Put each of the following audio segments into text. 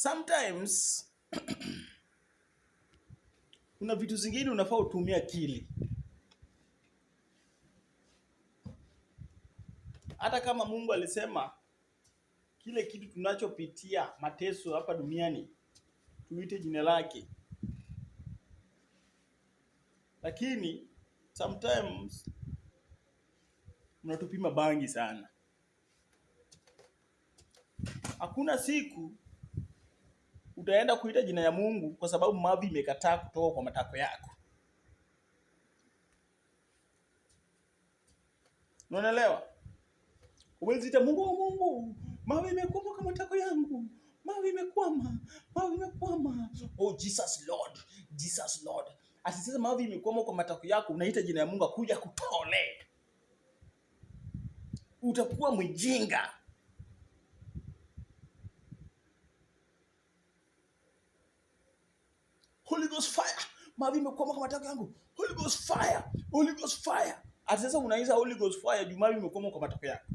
sometimes kuna vitu zingine unafaa utumie akili hata kama Mungu alisema kile kitu tunachopitia mateso hapa duniani tuite jina lake, lakini sometimes mnatupima bangi sana. Hakuna siku utaenda kuita jina ya Mungu kwa sababu mavi imekataa kutoka kwa matako yako. Unaelewa? Uwezi ita Mungu wa Mungu, mavi imekwama kwa matako yangu. Mavi imekwama, mavi imekwama. Oh Jesus Lord, Jesus Lord. Asisema mavi imekwama kwa matako yako, unaita jina ya Mungu akuja kutole. Utakuwa mjinga. Ghost fire. Mavi imekwama kwa matako yangu. Holy Ghost fire. Holy Ghost fire. Hata sasa unaanza Holy Ghost fire juu mavi imekwama kwa matako yako.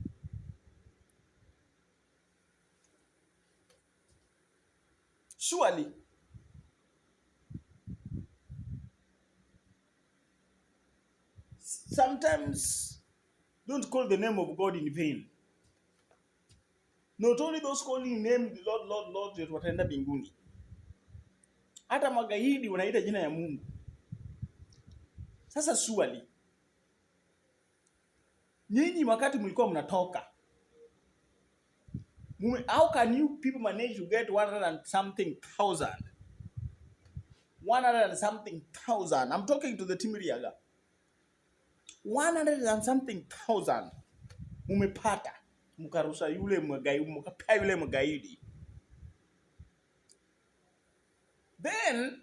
Surely sometimes don't call the name of God in vain. Not only those calling name Lord, Lord, Lord wataenda mbinguni hata magaidi wanaita jina ya Mungu. Sasa swali, nyinyi wakati mlikuwa mnatoka Mume, how can you people manage to get 100 and something thousand 100 and something thousand I'm talking to the Timiriaga 100 and something thousand mumepata mkarusa yule mgaidi mkapea yule mgaidi Then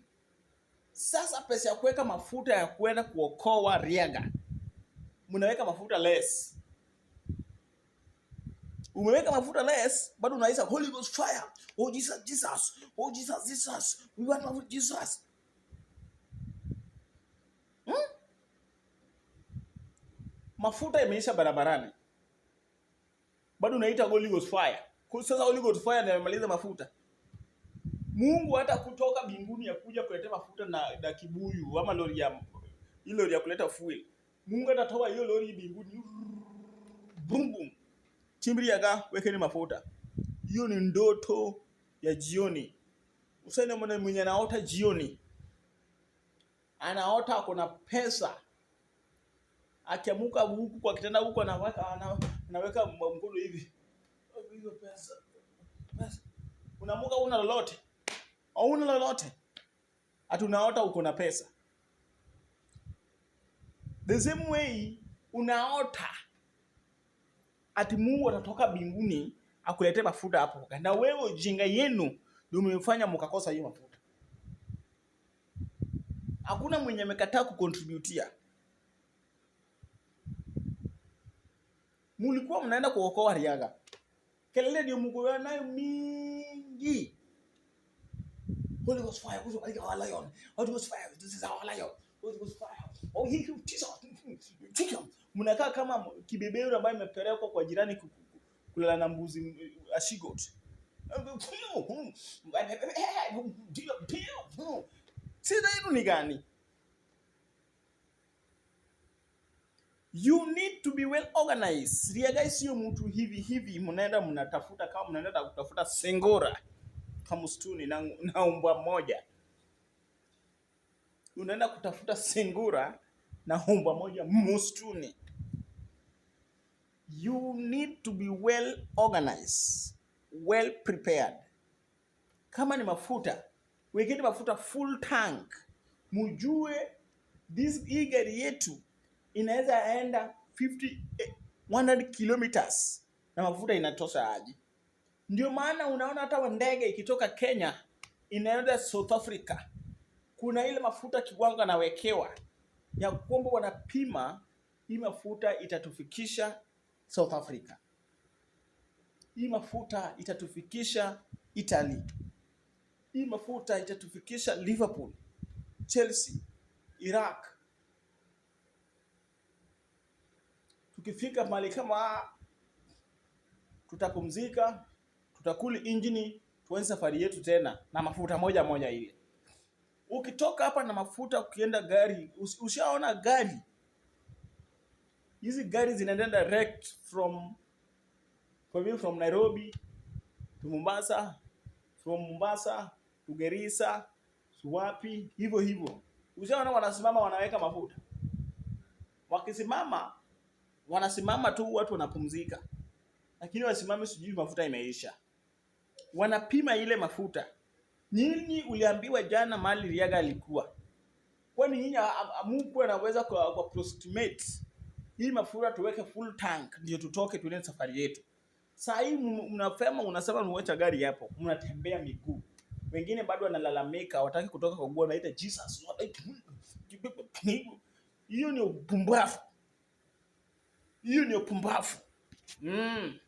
sasa pesa ya kuweka mafuta ya kwenda kuokoa Riaga mnaweka mafuta less. Umeweka mafuta less, bado unaisa Holy Ghost fire. Oh Jesus, Jesus. Oh Jesus, Jesus. We want mafuta Jesus. Hmm? Mafuta yameisha barabarani, bado unaita Holy Ghost fire. Sasa Holy Ghost fire ndio amemaliza mafuta. Mungu hata kutoka mbinguni ya kuja kuleta mafuta na, na kibuyu ama lori ya hilo lori ya kuleta fuel. Mungu atatoa hiyo lori mbinguni. Bum bum. Chimbili yaka wekeni mafuta. Hiyo ni ndoto ya jioni. Usaini mwana mwenye anaota jioni. Anaota kuna pesa. Akiamuka huku kwa kitanda huku anaweka anaweka mkono hivi. Hiyo pesa. Pesa. Unamuka una lolote hauna lolote, unaota uko na pesa. The same way unaota ati Mungu atatoka mbinguni akulete mafuta hapo, na wewe jinga yenu ndio umefanya mkakosa hiyo mafuta. Hakuna mwenye amekataa kukontributia. Mulikuwa mnaenda kuokoa Riaga, kelele ndio mko nayo mingi Holy Ghost fire. Our lion. Holy Ghost fire. This is our lion. Holy Ghost fire. Oh, he teach hii Take him. Mnakaa kama kibeberu ambaye imepelekwa kwa jirani kulala na mbuzi ashigot. Uh, Sida yenu ni gani? You need to be well organized. Ria guys, sio mtu hivi hivi mnaenda mnatafuta kama mnaenda kutafuta sengora kutoka mstuni na, na umbwa mmoja. Unaenda kutafuta singura na umbwa moja mstuni. You need to be well organized, well prepared. Kama ni mafuta, wekeni mafuta full tank, mujue this hii gari yetu inaweza enda 50 100 eh, kilometers na mafuta inatosha aje? Ndio maana unaona hata ndege ikitoka Kenya inaenda South Africa, kuna ile mafuta kiwango anawekewa ya kwamba wanapima hii mafuta itatufikisha South Africa, hii mafuta itatufikisha Italy, hii mafuta itatufikisha Liverpool, Chelsea, Iraq. Tukifika mahali kama tutapumzika tutakuli injini, tuanze safari yetu tena na mafuta moja moja ile. Ukitoka hapa na mafuta ukienda gari, ushaona gari hizi gari zinaenda direct from from Nairobi to Mombasa, from Mombasa to Garissa, wapi hivyo hivyo. Ushaona wanasimama wanaweka mafuta, wakisimama wanasimama tu, watu wanapumzika, lakini wasimame, sijui mafuta imeisha wanapima ile mafuta. Nyinyi uliambiwa jana mali Riaga alikuwa, kwani nyinyi amukuwa naweza kwa, kwa prostimate hii mafuta tuweke full tank ndio tutoke tuende safari yetu. Saa hii mnafema, unasema mwacha gari hapo, mnatembea miguu. Wengine bado wanalalamika wataki kutoka kwa Mungu, naita Jesus. Hiyo ni upumbavu, hiyo ni upumbavu mm.